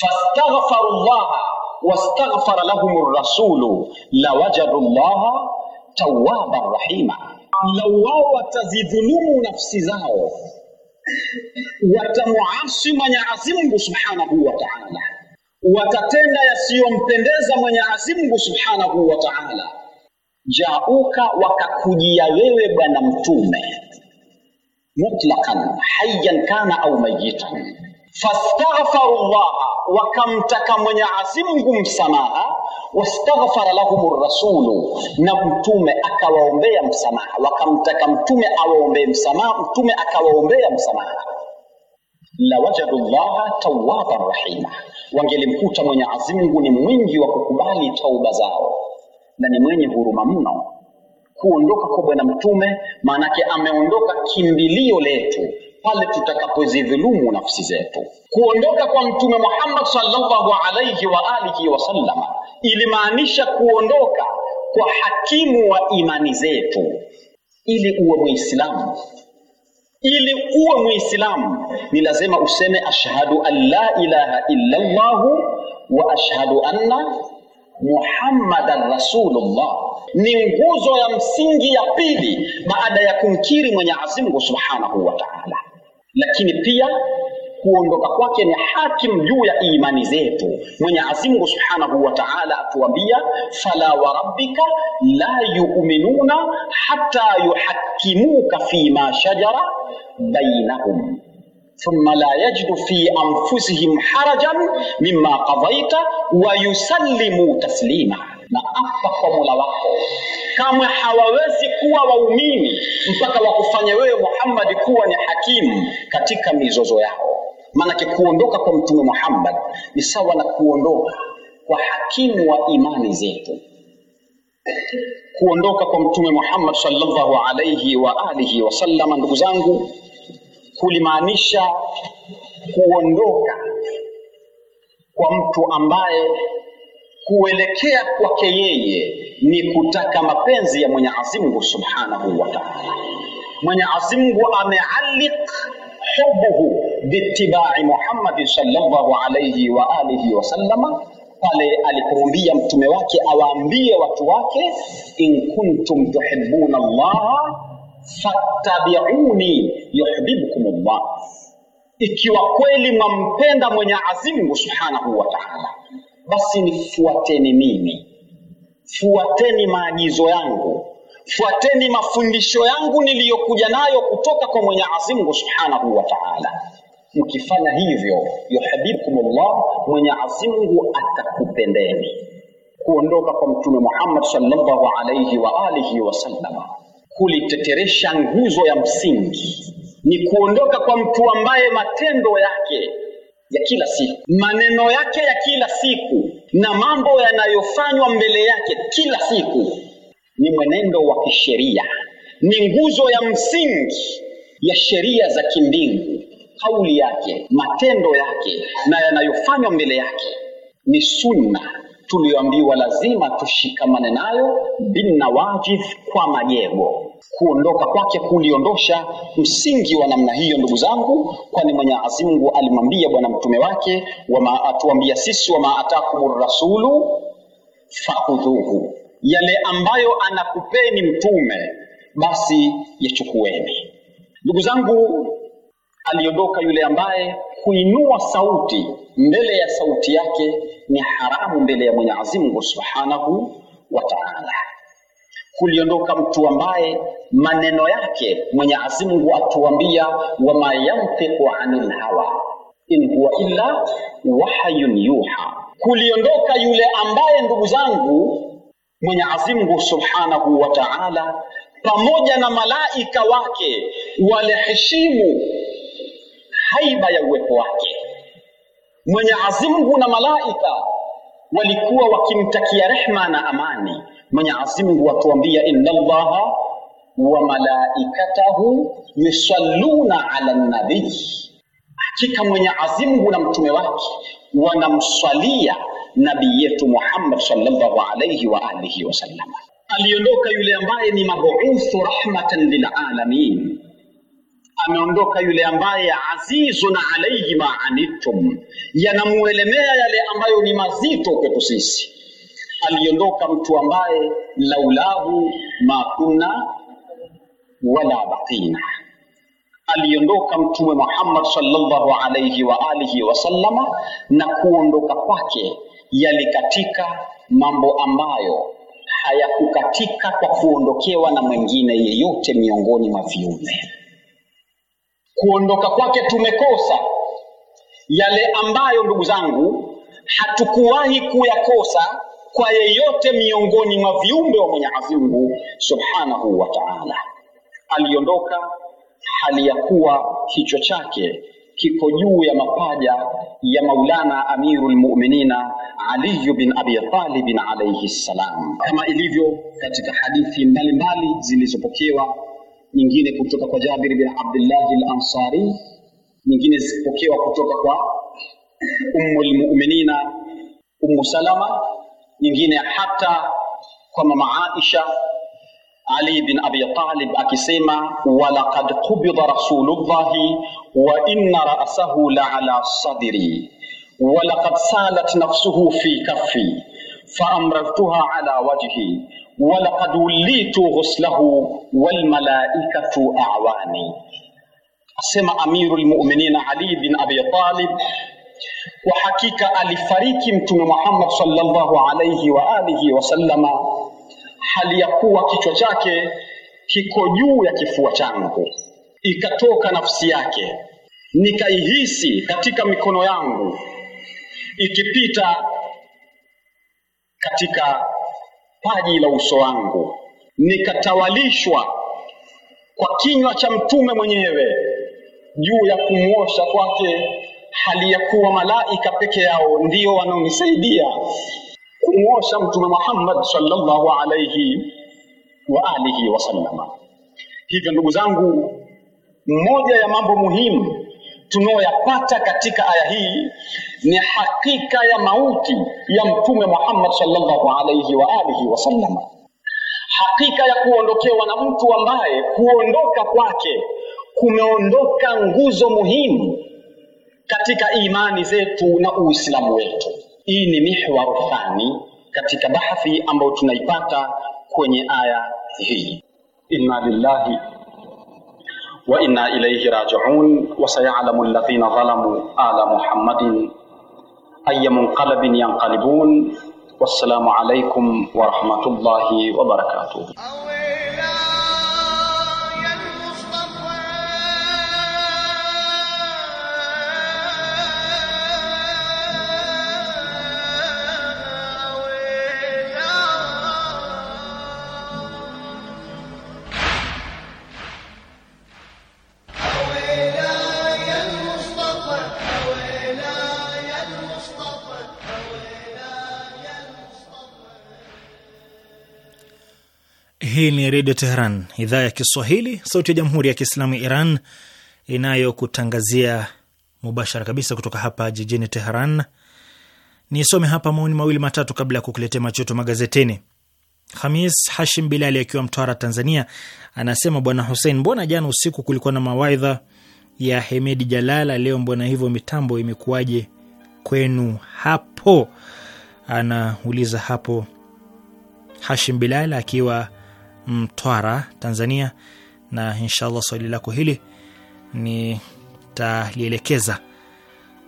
fastaghfaru llaha wastaghfara lahum rasulu lawajadu llaha tawaban rahima, lau wao watazidhulumu nafsi zao watamuasi Mwenyezi Mungu subhanahu wa taala, watatenda yasiyompendeza Mwenyezi Mungu subhanahu wa taala jauka wakakujia wewe bwana mtume mutlaqan hayyan kana au mayitan fastaghfaru llaha wakamtaka mwenyezi mungu msamaha wastaghfara lahum rasulu na mtume akawaombea msamaha wakamtaka mtume awaombee msamaha mtume akawaombea msamaha lawajadu llaha tawaban rahima wangelimkuta mwenyezi mungu ni mwingi wa kukubali tauba zao na ni mwenye huruma mno kuondoka kwa bwana mtume maanake ameondoka kimbilio letu pale tutakapozidhulumu nafsi zetu kuondoka kwa mtume muhammad sallallahu alayhi wa alihi wasalama ilimaanisha kuondoka kwa hakimu wa imani zetu ili uwe Muislamu, ili uwe mwislamu ni lazima useme ashhadu an la ilaha illa llahu wa ashhadu anna Muhammadan Rasulullah ni nguzo ya msingi ya pili baada ya kumkiri Mwenyezi Mungu Subhanahu wa Ta'ala, lakini pia kuondoka kwake ni hakim juu ya imani zetu. Mwenyezi Mungu Subhanahu wa Ta'ala atuambia, fala wa rabbika la yu'minuna hatta yuhakkimuka fi ma shajara bainahum thumma la yajidu fi anfusihim harajan mimma qadaita wa yusallimu taslima. Na apa kwa Mola wako, kamwe hawawezi kuwa waumini mpaka wakufanye wewe Muhammad kuwa ni hakimu katika mizozo yao. Maanake kuondoka kwa Mtume Muhammad ni sawa na kuondoka kwa hakimu wa imani zetu. Kuondoka kwa Mtume Muhammad sallallahu alayhi wa alihi wasallam, ndugu zangu kulimaanisha kuondoka kwa mtu ambaye kuelekea kwake yeye ni kutaka mapenzi ya Mwenyezi Mungu Subhanahu wa Ta'ala. Mwenyezi Mungu amealik hubuhu bitibai Muhammad sallallahu alayhi wa alihi sallama pale alipoambia mtume wake awaambie watu wake, in kuntum tuhibbuna Allaha fattabiuni yuhibbukum llah, ikiwa kweli mwampenda mwenye Mungu subhanahu wa taala, basi nifuateni mimi, fuateni maagizo yangu, fuateni mafundisho yangu niliyokuja nayo kutoka kwa Mwenyezi Mungu subhanahu wa taala. Mkifanya hivyo, yuhibbukum llah, mwenye azimu atakupendeni. Kuondoka kwa Mtume Muhammad sallallahu alayhi wa alihi wasallam kuliteteresha nguzo ya msingi, ni kuondoka kwa mtu ambaye matendo yake ya kila siku, maneno yake ya kila siku na mambo yanayofanywa mbele yake kila siku ni mwenendo wa kisheria, ni nguzo ya msingi ya sheria za kimbingu. Kauli yake, matendo yake na yanayofanywa mbele yake ni sunna tuliyoambiwa lazima tushikamane nayo bin wajib kwa majego. Kuondoka kwake kuliondosha msingi wa namna hiyo, ndugu zangu, kwani mwenye Mungu alimwambia bwana mtume wake, atuambia sisi, wama atakumur rasulu fakhudhuhu, yale ambayo anakupeni mtume basi yachukueni. Ndugu zangu, aliondoka yule ambaye kuinua sauti mbele ya sauti yake ni haramu mbele ya Mwenyezi Mungu Subhanahu wa Ta'ala. Kuliondoka mtu ambaye maneno yake Mwenyezi Mungu atuambia, wama yantiqu anil hawa in huwa illa wahyun yuha. Kuliondoka yule ambaye, ndugu zangu, Mwenyezi Mungu Subhanahu wa Ta'ala pamoja na malaika wake waliheshimu haiba ya uwepo wake Mwenyezi Mungu na malaika walikuwa wakimtakia rehma na amani. Mwenyezi Mungu atuambia, inna Allaha wa malaikatahu yusalluna ala nabii, hakika Mwenyezi Mungu na mtume wake wanamswalia nabii yetu Muhammad sallallahu alayhi wa alihi wasallam. Aliondoka yule ambaye ni mabuuthu rahmatan lilalamin ameondoka yule ambaye azizun alaihi ma anittum, yanamuelemea yale ambayo ni mazito kwetu sisi. Aliondoka mtu ambaye laulahu ma kunna wala baqina. Aliondoka Mtume Muhammad sallallahu alaihi wa alihi wasallama, na kuondoka kwake yalikatika mambo ambayo hayakukatika kwa kuondokewa na mwingine yeyote miongoni mwa viumbe kuondoka kwake tumekosa yale ambayo ndugu zangu hatukuwahi kuyakosa kwa yeyote miongoni mwa viumbe wa mwenyezi mungu subhanahu wa taala aliondoka hali ya kuwa kichwa chake kiko juu ya mapaja ya maulana amiru lmuminina aliyu bin abi alaihi ssalam kama ilivyo katika hadithi mbalimbali zilizopokewa nyingine kutoka kwa Jabir bin Abdullah al-Ansari, nyingine zipokewa kutoka kwa Ummu lmuminina Ummu Salama, nyingine hata kwa mama Aisha Ali bin Abi Talib akisema, walaqad qubida rasulullahi wa inna ra'sahu la ala sadri walaqad salat nafsuhu fi kaffi fa amradtuha ala wajhi walaqad wulitu ghuslahu walmalaikatu awani, asema Amiru lmuminin Ali bin Abi Talib. Kwa hakika alifariki Mtume Muhammad sallallahu alayhi wa alihi wasallama, hali ya kuwa kichwa chake kiko juu ya kifua changu. Ikatoka nafsi yake nikaihisi katika mikono yangu ikipita katika taji la uso wangu, nikatawalishwa kwa kinywa cha mtume mwenyewe juu ya kumwosha kwake, hali ya kuwa malaika peke yao ndio wanaonisaidia kumwosha Mtume Muhammad sallallahu alayhi wa alihi wasallama. Hivyo ndugu zangu, moja ya mambo muhimu tunayoyapata katika aya hii ni hakika ya mauti ya Mtume Muhammad sallallahu alayhi wa alihi wasallam, hakika ya kuondokewa na mtu ambaye kuondoka kwake kumeondoka nguzo muhimu katika imani zetu na Uislamu wetu. Hii ni mihwaru thani katika bahathi ambayo tunaipata kwenye aya hii. Inna lillahi وإنا إليه راجعون وسيعلم الذين ظلموا آل محمد أي منقلب ينقلبون والسلام عليكم ورحمة الله وبركاته Hii ni Redio Teheran, idhaa ya Kiswahili, sauti ya Jamhuri ya Kiislamu ya Iran, inayokutangazia mubashara kabisa kutoka hapa jijini Teheran. Nisome hapa maoni mawili matatu kabla ya kukuletea machoto magazetini. Hamis Hashim Bilali akiwa Mtwara, Tanzania, anasema Bwana Hussein, mbona jana usiku kulikuwa na mawaidha ya Hemedi Jalala, leo mbona hivyo mitambo imekuwaje kwenu hapo? Anauliza hapo Hashim Bilali akiwa Mtwara, Tanzania, na inshallah swali lako hili nitalielekeza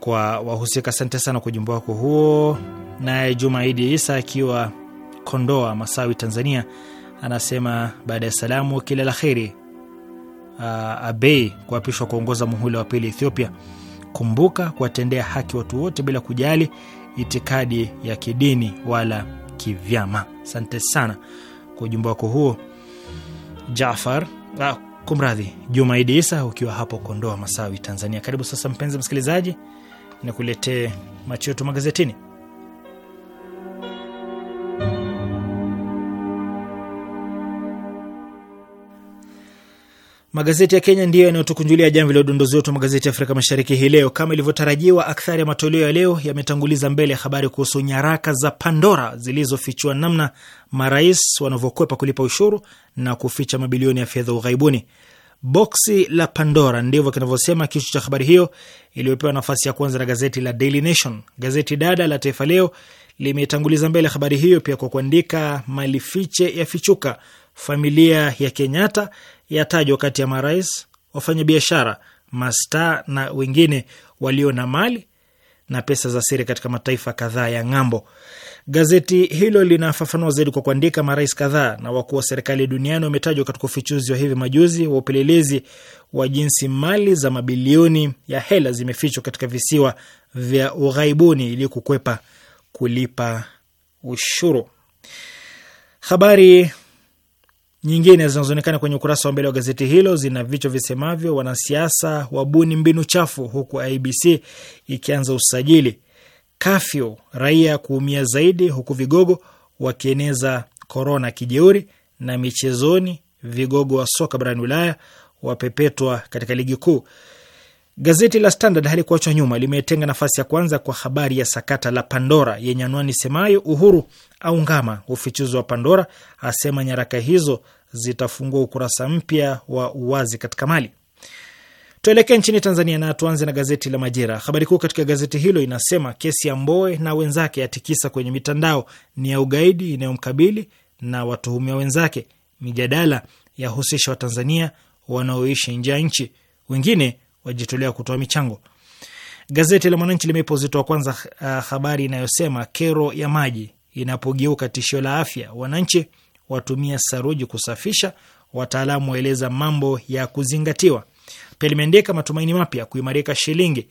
kwa wahusika. Asante sana kwa ujumbe wako huo. Naye jumaidi Isa akiwa Kondoa Masawi, Tanzania, anasema baada ya salamu, kila la kheri Abei kuapishwa kuongoza muhula wa pili Ethiopia. Kumbuka kuwatendea haki watu wote bila kujali itikadi ya kidini wala kivyama. Asante sana kwa ujumbe wako huo Jafar. Ah, kumradhi, Jumaidi Isa ukiwa hapo Kondoa Masawi, Tanzania. Karibu sasa mpenzi msikilizaji, nikuletee macho yetu magazetini. Magazeti ya Kenya ndiyo yanayotukunjulia jamvi la udondozi wetu wa magazeti ya Afrika Mashariki hii leo. Kama ilivyotarajiwa, akthari ya matoleo ya leo yametanguliza mbele ya habari kuhusu nyaraka za Pandora zilizofichua namna marais wanavyokwepa kulipa ushuru na kuficha mabilioni ya fedha ughaibuni. Boksi la Pandora, ndivyo kinavyosema kichwa cha habari hiyo iliyopewa nafasi ya kwanza na gazeti la Daily Nation. Gazeti dada la Taifa Leo limetanguliza mbele habari hiyo pia kwa kuandika malifiche fiche ya fichuka, familia ya Kenyatta yatajwa kati ya marais, wafanyabiashara, mastaa na wengine walio na mali na pesa za siri katika mataifa kadhaa ya ng'ambo. Gazeti hilo linafafanua zaidi kwa kuandika, marais kadhaa na wakuu wa serikali duniani wametajwa katika ufichuzi wa hivi majuzi wa upelelezi wa jinsi mali za mabilioni ya hela zimefichwa katika visiwa vya ughaibuni ili kukwepa kulipa ushuru. Habari nyingine zinazoonekana kwenye ukurasa wa mbele wa gazeti hilo zina vichwa visemavyo: wanasiasa wabuni mbinu chafu, huku IBC ikianza usajili; kafyu raia kuumia zaidi, huku vigogo wakieneza korona kijeuri; na michezoni, vigogo wa soka barani Ulaya wapepetwa katika ligi kuu. Gazeti la Standard halikuachwa nyuma, limetenga nafasi ya kwanza kwa habari ya sakata la Pandora yenye anwani semayo, Uhuru au ngama ufichuzi wa Pandora, asema nyaraka hizo zitafungua ukurasa mpya wa uwazi katika Mali. Tuelekee nchini Tanzania na tuanze na gazeti la Majira. Habari kuu katika gazeti hilo inasema kesi ya mboe na wenzake yatikisa kwenye mitandao, ni ya ugaidi inayomkabili na watuhumiwa wenzake. Mijadala yahusisha Watanzania wanaoishi nje ya nchi, wengine wajitolea kutoa michango. Gazeti la Mwananchi limeipa uzito wa kwanza uh, habari inayosema kero ya maji inapogeuka tishio la afya, wananchi watumia saruji kusafisha, wataalamu waeleza mambo ya kuzingatiwa. Pia limeandika matumaini mapya kuimarika shilingi,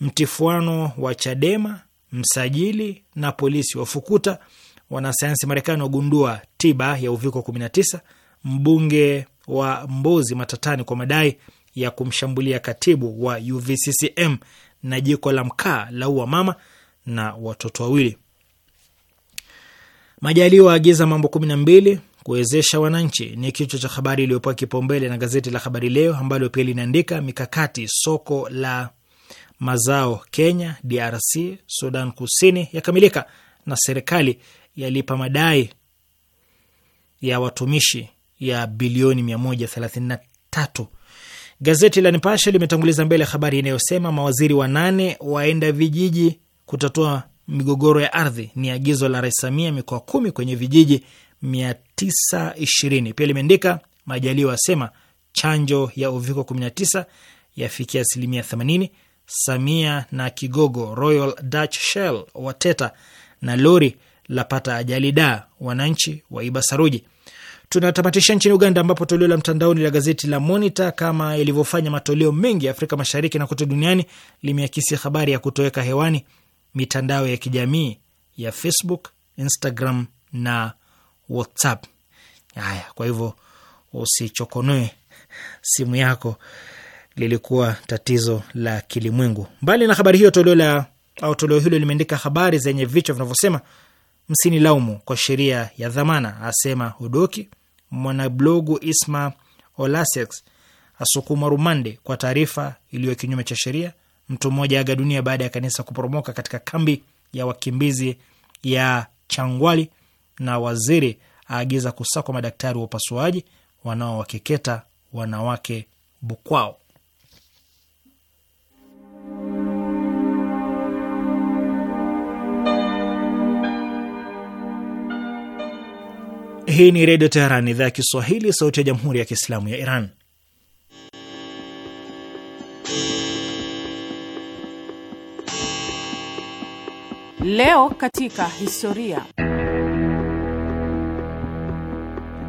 mtifuano wa Chadema, msajili na polisi wafukuta, wanasayansi Marekani wagundua tiba ya uviko 19, mbunge wa Mbozi matatani kwa madai ya kumshambulia katibu wa UVCCM na jiko la mkaa la uwa mama na watoto wawili. Majaliwa waagiza mambo kumi na mbili kuwezesha wananchi ni kichwa cha habari iliyopewa kipaumbele na gazeti la Habari Leo ambalo pia linaandika mikakati soko la mazao Kenya, DRC, Sudan Kusini yakamilika na serikali yalipa madai ya watumishi ya bilioni tatu Gazeti la Nipashe limetanguliza mbele habari inayosema mawaziri wanane waenda vijiji kutatua migogoro ya ardhi, ni agizo la Rais Samia mikoa kumi kwenye vijiji 920. Pia limeandika Majaliwa asema chanjo ya uviko 19 yafikia asilimia 80. Samia na kigogo Royal Dutch Shell wateta, na lori lapata ajali da, wananchi waiba saruji. Tunatamatisha nchini Uganda, ambapo toleo la mtandaoni la gazeti la Monitor kama ilivyofanya matoleo mengi ya Afrika Mashariki na kote duniani limeakisi habari ya kutoweka hewani mitandao ya kijamii ya Facebook, Instagram na WhatsApp. Haya, kwa hivyo usichokonoe simu yako, lilikuwa tatizo la kilimwengu. Mbali na habari hiyo, toleo la au toleo hilo limeandika habari zenye vichwa vinavyosema: msini laumu kwa sheria ya dhamana, asema Udoki mwanablogu Isma Olasex asukuma rumande kwa taarifa iliyo kinyume cha sheria. Mtu mmoja aga dunia baada ya kanisa kuporomoka katika kambi ya wakimbizi ya Changwali, na waziri aagiza kusakwa madaktari wa upasuaji wanaowakeketa wanawake Bukwao. Hii ni Redio Teheran, idhaa ya Kiswahili, sauti ya Jamhuri ya Kiislamu ya Iran. Leo katika historia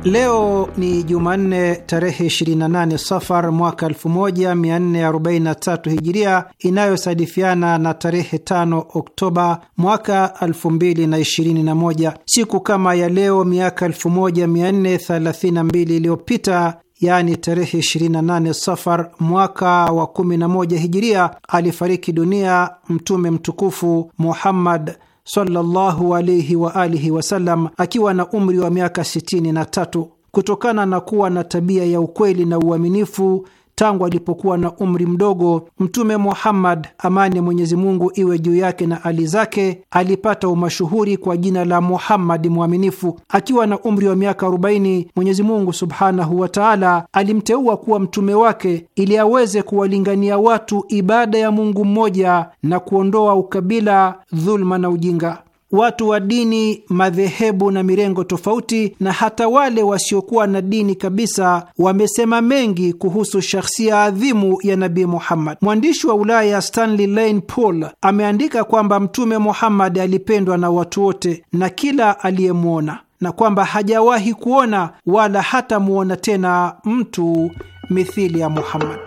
Leo ni Jumanne tarehe 28 Safar mwaka 1443 Hijiria, inayosadifiana na tarehe 5 Oktoba mwaka 2021. Siku kama ya leo miaka 1432 iliyopita yaani tarehe 28 Safar mwaka wa 11 Hijiria, alifariki dunia Mtume mtukufu Muhammad sallallahu alaihi wa alihi wasallam akiwa na umri wa miaka 63 kutokana na kuwa na tabia ya ukweli na uaminifu tangu alipokuwa na umri mdogo. Mtume Muhammad, amani ya Mwenyezi Mungu iwe juu yake na ali zake, alipata umashuhuri kwa jina la Muhammadi Mwaminifu. Akiwa na umri wa miaka 40, Mwenyezi Mungu subhanahu wa taala alimteua kuwa mtume wake ili aweze kuwalingania watu ibada ya Mungu mmoja na kuondoa ukabila, dhuluma na ujinga watu wa dini, madhehebu na mirengo tofauti, na hata wale wasiokuwa na dini kabisa wamesema mengi kuhusu shahsia adhimu ya Nabii Muhammad. Mwandishi wa Ulaya Stanley Lane Poole ameandika kwamba Mtume Muhammad alipendwa na watu wote na kila aliyemwona, na kwamba hajawahi kuona wala hata tena mtu mithili ya Muhammad.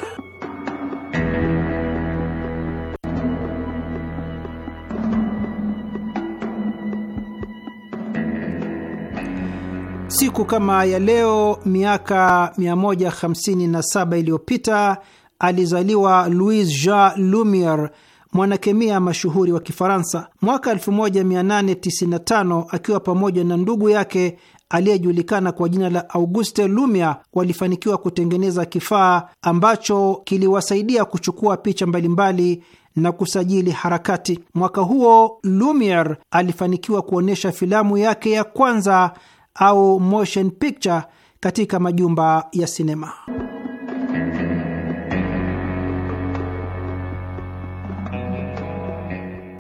Siku kama ya leo miaka 157 iliyopita alizaliwa Louis Jean Lumiere, mwanakemia mashuhuri wa Kifaransa. Mwaka 1895 akiwa pamoja na ndugu yake aliyejulikana kwa jina la Auguste Lumia walifanikiwa kutengeneza kifaa ambacho kiliwasaidia kuchukua picha mbalimbali na kusajili harakati. Mwaka huo Lumiere alifanikiwa kuonyesha filamu yake ya kwanza au motion picture katika majumba ya sinema.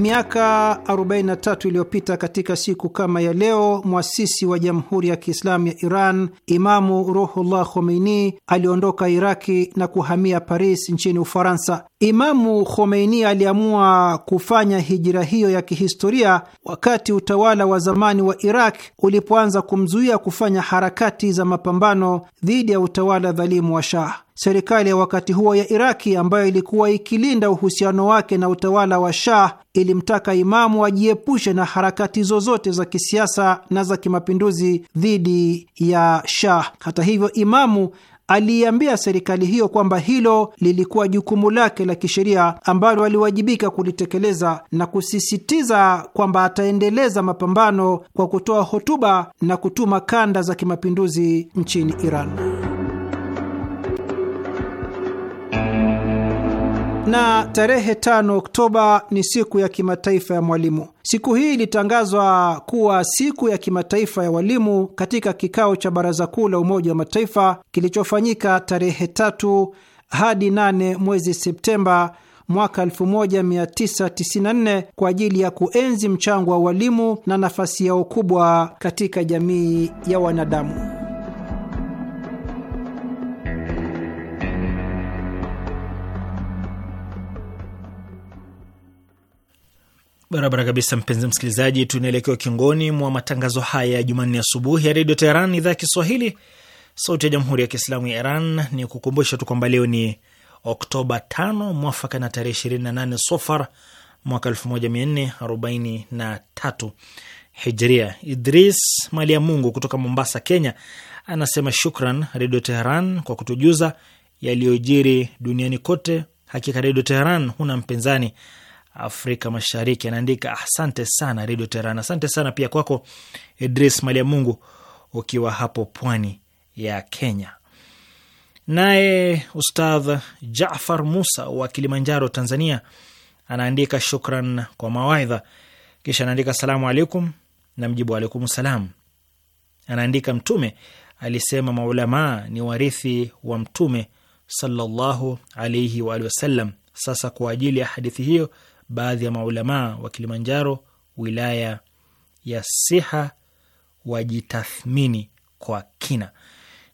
Miaka 43 iliyopita katika siku kama ya leo, mwasisi wa Jamhuri ya Kiislamu ya Iran Imamu Ruhullah Khomeini aliondoka Iraki na kuhamia Paris nchini Ufaransa. Imamu Khomeini aliamua kufanya hijira hiyo ya kihistoria wakati utawala wa zamani wa Iraq ulipoanza kumzuia kufanya harakati za mapambano dhidi ya utawala dhalimu wa Shah. Serikali ya wakati huo ya Iraki ambayo ilikuwa ikilinda uhusiano wake na utawala wa Shah ilimtaka Imamu ajiepushe na harakati zozote za kisiasa na za kimapinduzi dhidi ya Shah. Hata hivyo, Imamu aliiambia serikali hiyo kwamba hilo lilikuwa jukumu lake la kisheria ambalo aliwajibika kulitekeleza na kusisitiza kwamba ataendeleza mapambano kwa kutoa hotuba na kutuma kanda za kimapinduzi nchini Iran. Na tarehe 5 Oktoba ni siku ya kimataifa ya mwalimu. Siku hii ilitangazwa kuwa siku ya kimataifa ya walimu katika kikao cha Baraza Kuu la Umoja wa Mataifa kilichofanyika tarehe tatu hadi 8 mwezi Septemba mwaka 1994 kwa ajili ya kuenzi mchango wa walimu na nafasi yao kubwa katika jamii ya wanadamu. Barabara kabisa, mpenzi msikilizaji, tunaelekea kiongoni mwa matangazo haya ya Jumanne asubuhi ya redio Teheran, idhaa ya Kiswahili, sauti ya jamhuri ya kiislamu ya Iran. Ni kukumbusha tu kwamba leo ni Oktoba 5 mwafaka na tarehe 28 Sofar mwaka 1443 Hijria. Idris Mali ya Mungu kutoka Mombasa, Kenya, anasema shukran redio Teheran kwa kutujuza yaliyojiri duniani kote. Hakika redio Teheran huna mpinzani. Afrika Mashariki. Anaandika asante sana Redio Teheran. Asante sana pia kwako Idris Malia Mungu ukiwa hapo pwani ya Kenya. Naye Ustadh Jafar Musa wa Kilimanjaro, Tanzania, anaandika shukran kwa mawaidha, kisha anaandika salamu alaikum, na mjibu alaikum salam. Anaandika Mtume alisema maulamaa ni warithi wa Mtume sallallahu alaihi waalihi wasallam. Sasa kwa ajili ya hadithi hiyo baadhi ya maulamaa wa Kilimanjaro wilaya ya Siha wajitathmini kwa kina.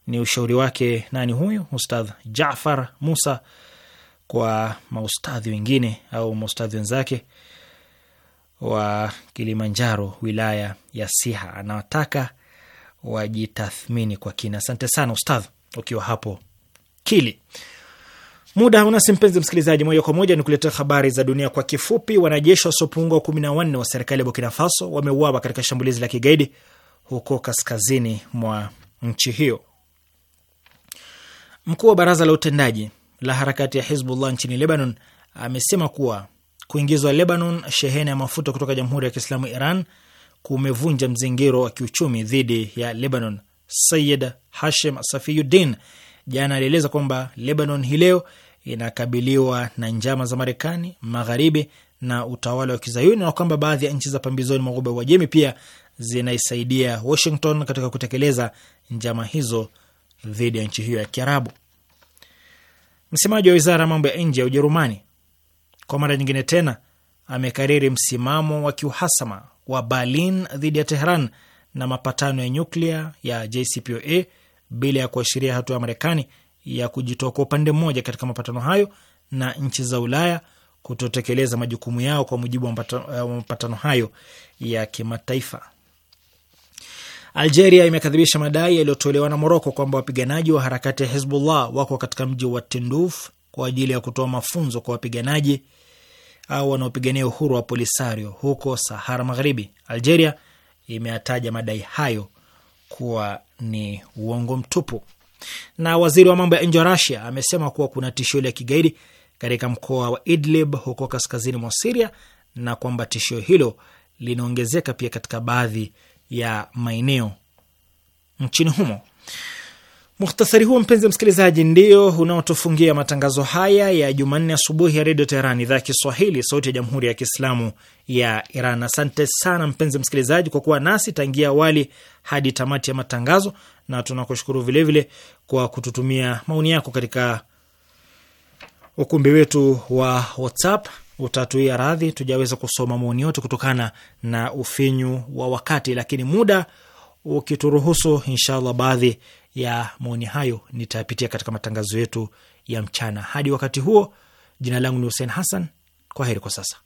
Ni ushauri wake nani huyu Ustadh Jafar Musa kwa maustadhi wengine au maustadhi wenzake wa Kilimanjaro wilaya ya Siha, anawataka wajitathmini kwa kina. Asante sana Ustadh ukiwa hapo Kili. Muda haunasi mpenzi msikilizaji, moja kwa moja ni kuletea habari za dunia kwa kifupi. Wanajeshi wasiopungua kumi na wanne wa serikali ya Burkina Faso wameuawa katika shambulizi la kigaidi huko kaskazini mwa nchi hiyo. Mkuu wa baraza la utendaji la harakati ya Hizbullah nchini Lebanon amesema kuwa kuingizwa Lebanon shehena ya mafuta kutoka Jamhuri ya Kiislamu Iran kumevunja mzingiro wa kiuchumi dhidi ya Lebanon. Sayid Hashim Safiyuddin jana alieleza kwamba Lebanon hii leo inakabiliwa na njama za Marekani, Magharibi na utawala wa Kizayuni, na kwamba baadhi ya nchi za pambizoni mwa Ghuba ya Uajemi pia zinaisaidia Washington katika kutekeleza njama hizo dhidi ya nchi hiyo ya Kiarabu. Msemaji wa wizara ya mambo ya nje ya Ujerumani kwa mara nyingine tena amekariri msimamo wa kiuhasama wa Berlin dhidi ya Tehran na mapatano ya nyuklia ya JCPOA bila ya kuashiria hatua ya Marekani ya kujitoa kwa upande mmoja katika mapatano hayo na nchi za Ulaya kutotekeleza majukumu yao kwa mujibu wa eh, mapatano hayo ya kimataifa. Algeria imekadhibisha madai yaliyotolewa na Moroko kwamba wapiganaji wa harakati ya Hezbollah wako katika mji wa Tinduf kwa ajili ya kutoa mafunzo kwa wapiganaji au wanaopigania uhuru wa Polisario huko Sahara Magharibi. Algeria imeataja madai hayo kuwa ni uongo mtupu. Na waziri wa mambo ya nje wa Rasia amesema kuwa kuna tishio la kigaidi katika mkoa wa Idlib huko kaskazini mwa Siria na kwamba tishio hilo linaongezeka pia katika baadhi ya maeneo nchini humo. Muhtasari huo mpenzi msikilizaji, ndio unaotufungia matangazo haya ya Jumanne asubuhi ya redio Teheran, idhaa ya Kiswahili, sauti ya jamhuri ya kiislamu ya Iran. Asante sana mpenzi msikilizaji kwa kuwa nasi tangia awali hadi tamati ya matangazo, na tunakushukuru vilevile kwa kututumia maoni yako katika ukumbi wetu wa WhatsApp. Utatuia radhi, tujaweza kusoma maoni yote kutokana na ufinyu wa wakati, lakini muda ukituruhusu, inshallah baadhi ya maoni hayo nitayapitia katika matangazo yetu ya mchana. Hadi wakati huo, jina langu ni Hussein Hassan. Kwa heri kwa sasa.